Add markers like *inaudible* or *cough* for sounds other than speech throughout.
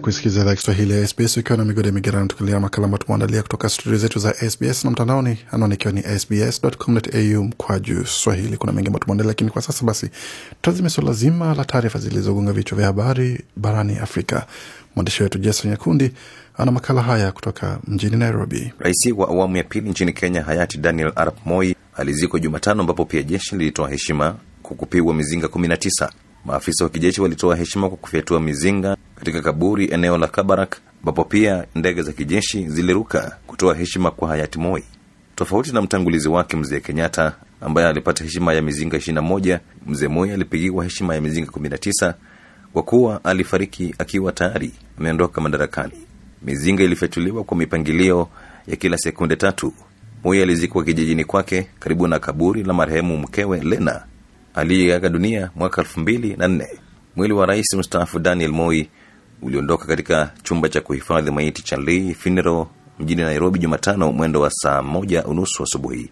kusikiliza idhaa Kiswahili ya SBS ukiwa na migode migerano, tukilia makala ambayo tumeandalia kutoka studio zetu za SBS na mtandaoni, anwani ikiwa ni sbs.com.au juu swahili. Kuna mengi ambayo tumeandalia, lakini kwa sasa basi tutazime swala zima la taarifa zilizogonga vichwa vya habari barani Afrika. Mwandishi wetu Jason Nyakundi ana makala haya kutoka mjini Nairobi. Rais wa awamu ya pili nchini Kenya hayati Daniel Arap Moi alizikwa Jumatano, ambapo pia jeshi lilitoa heshima kwa kupigwa mizinga 19. Maafisa wa kijeshi walitoa heshima kwa kufyatua mizinga katika kaburi eneo la Kabarak, ambapo pia ndege za kijeshi ziliruka kutoa heshima kwa hayati Moi. Tofauti na mtangulizi wake mzee Kenyatta ambaye alipata heshima ya mizinga 21, mzee Moi alipigiwa heshima ya mizinga 19 kwa kuwa alifariki akiwa tayari ameondoka madarakani. Mizinga ilifyatuliwa kwa mipangilio ya kila sekunde tatu. Moi alizikwa kijijini kwake karibu na kaburi la marehemu mkewe Lena aliyeaga dunia mwaka elfu mbili na nne. Mwili wa rais mstaafu Daniel Moi uliondoka katika chumba cha kuhifadhi maiti cha Lee Funeral mjini Nairobi Jumatano mwendo wa saa moja unusu asubuhi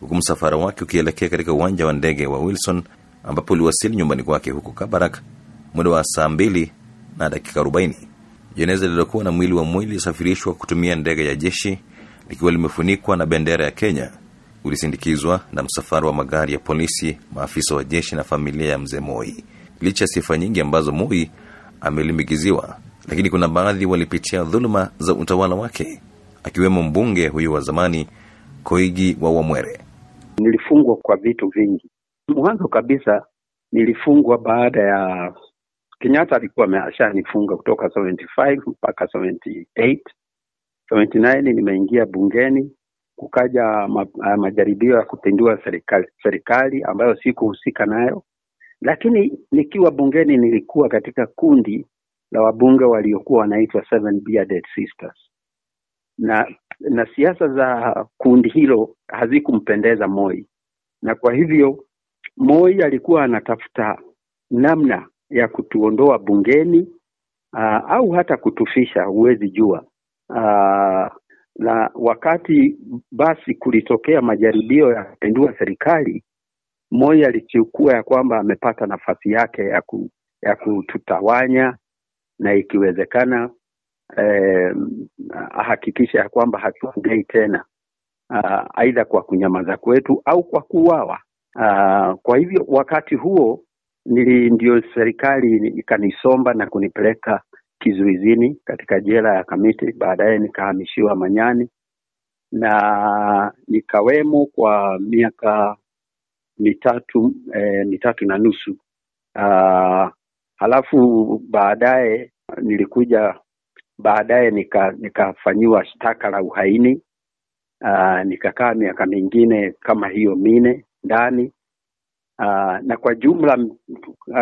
huku msafara wake ukielekea katika uwanja wa ndege wa Wilson ambapo uliwasili nyumbani kwake huko Kabarak mwendo wa saa mbili na dakika 40. Jeneza lililokuwa na mwili wa mwili safirishwa kutumia ndege ya jeshi likiwa limefunikwa na bendera ya Kenya ulisindikizwa na msafara wa magari ya polisi, maafisa wa jeshi na familia ya mzee Moi. Licha ya sifa nyingi ambazo Moi amelimbikiziwa, lakini kuna baadhi walipitia dhuluma za utawala wake, akiwemo mbunge huyu wa zamani Koigi wa Wamwere. Nilifungwa kwa vitu vingi. Mwanzo kabisa nilifungwa baada ya Kenyatta alikuwa ameshanifunga kutoka 75 mpaka 78 79 nimeingia bungeni, kukaja ma, eh, majaribio ya kupindua serikali, serikali ambayo sikuhusika nayo. Lakini nikiwa bungeni nilikuwa katika kundi la wabunge waliokuwa wanaitwa Seven Bearded Sisters, na na siasa za kundi hilo hazikumpendeza Moi, na kwa hivyo Moi alikuwa anatafuta namna ya kutuondoa bungeni aa, au hata kutufisha, huwezi jua aa, na wakati basi kulitokea majaribio ya kupindua serikali Moi alichukua ya kwamba amepata nafasi yake ya, ku, ya kututawanya na ikiwezekana eh, ahakikisha ya kwamba hatuongei tena ah, aidha kwa kunyamaza kwetu au kwa kuuawa. Ah, kwa hivyo wakati huo nili, ndio serikali ikanisomba na kunipeleka kizuizini katika jela ya Kamiti. Baadaye nikahamishiwa Manyani na nikawemo kwa miaka mitatu e, mitatu na nusu. Uh, halafu baadaye nilikuja baadaye nika nikafanyiwa shtaka la uhaini ah, nikakaa miaka mingine kama hiyo mine ndani aa, ah, na kwa jumla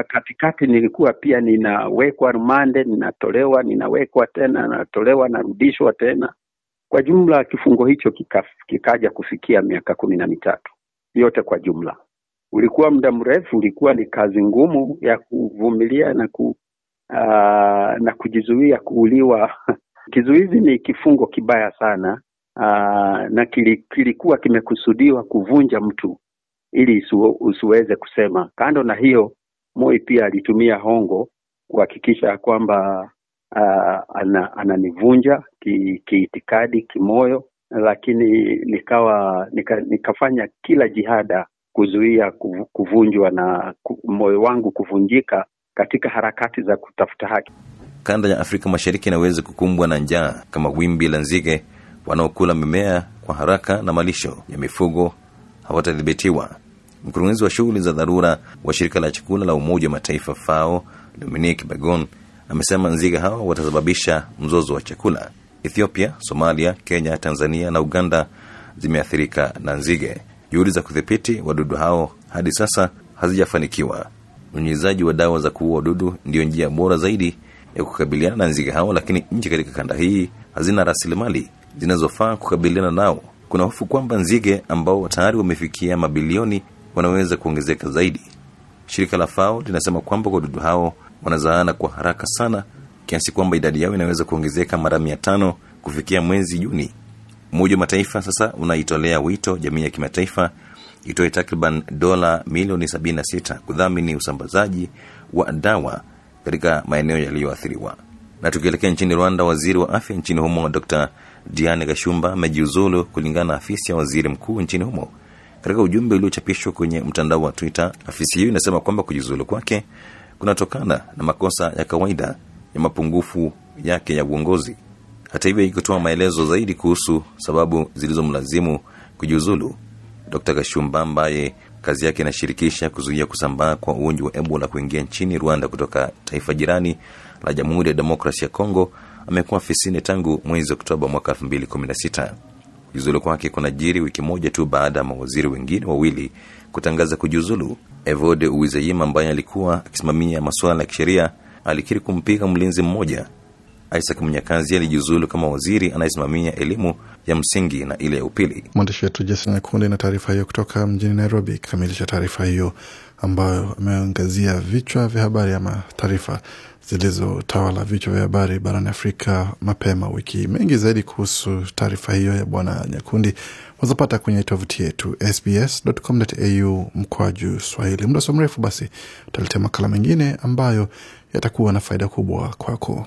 katikati nilikuwa pia ninawekwa rumande, ninatolewa, ninawekwa tena, natolewa, narudishwa tena. Kwa jumla kifungo hicho kika, kikaja kufikia miaka kumi na mitatu yote kwa jumla ulikuwa muda mrefu, ulikuwa ni kazi ngumu ya kuvumilia na ku, uh, na kujizuia kuuliwa. *laughs* Kizuizi ni kifungo kibaya sana uh, na kilikuwa kimekusudiwa kuvunja mtu ili isu, usiweze kusema. Kando na hiyo, Moi pia alitumia hongo kuhakikisha kwamba uh, ana, ananivunja kiitikadi ki kimoyo, lakini nikawa nika, nikafanya kila jihada kuzuia kuvunjwa na moyo wangu kuvunjika katika harakati za kutafuta haki. Kanda ya Afrika Mashariki inaweza kukumbwa na njaa kama wimbi la nzige wanaokula mimea kwa haraka na malisho ya mifugo hawatadhibitiwa. Mkurugenzi wa shughuli za dharura wa shirika la chakula la Umoja wa Mataifa FAO, Dominique Bagon, amesema nzige hawa watasababisha mzozo wa chakula. Ethiopia, Somalia, Kenya, Tanzania na Uganda zimeathirika na nzige. Juhudi za kudhibiti wadudu hao hadi sasa hazijafanikiwa. Unyunyizaji wa dawa za kuua wadudu ndiyo njia bora zaidi ya kukabiliana na nzige hao, lakini nchi katika kanda hii hazina rasilimali zinazofaa kukabiliana nao. Kuna hofu kwamba nzige ambao tayari wamefikia mabilioni wanaweza kuongezeka zaidi. Shirika la FAO linasema kwamba wadudu hao wanazaana kwa haraka sana kiasi kwamba idadi yao inaweza kuongezeka mara mia tano kufikia mwezi Juni Umoja wa Mataifa sasa unaitolea wito jamii ya kimataifa itoe takriban dola milioni 76 kudhamini usambazaji wa dawa katika maeneo yaliyoathiriwa. Na tukielekea nchini Rwanda, waziri wa afya nchini humo Dr Diane Gashumba amejiuzulu kulingana na afisi ya waziri mkuu nchini humo. Katika ujumbe uliochapishwa kwenye mtandao wa Twitter, afisi hiyo inasema kwamba kujiuzulu kwake kunatokana na makosa ya kawaida ya mapungufu yake ya uongozi. Hata hivyo, haikutoa maelezo zaidi kuhusu sababu zilizomlazimu kujiuzulu. Dr Kashumba ambaye kazi yake inashirikisha kuzuia kusambaa kwa ugonjwa wa Ebola kuingia nchini Rwanda kutoka taifa jirani la Jamhuri ya Demokrasi ya Kongo amekuwa afisini tangu mwezi Oktoba mwaka 216 Kujiuzulu kwake jiri wiki moja tu baada ya mawaziri wengine wawili kutangaza kujiuzulu. Evode Uwizeyima ambaye alikuwa akisimamia masuala ya kisheria alikiri kumpiga mlinzi mmoja isak Mnyakazi alijiuzulu kama waziri anayesimamia elimu ya msingi na ile ya upili. Mwandishi wetu Jason Nyakundi na taarifa hiyo kutoka mjini Nairobi ikikamilisha taarifa hiyo ambayo ameangazia vichwa vya habari ama taarifa zilizotawala vichwa vya habari barani Afrika mapema wiki Mengi zaidi kuhusu taarifa hiyo ya Bwana Nyakundi wazapata kwenye tovuti yetu sbs.com.au mkwaju Swahili. Muda so mrefu basi, utaletea makala mengine ambayo yatakuwa na faida kubwa kwako.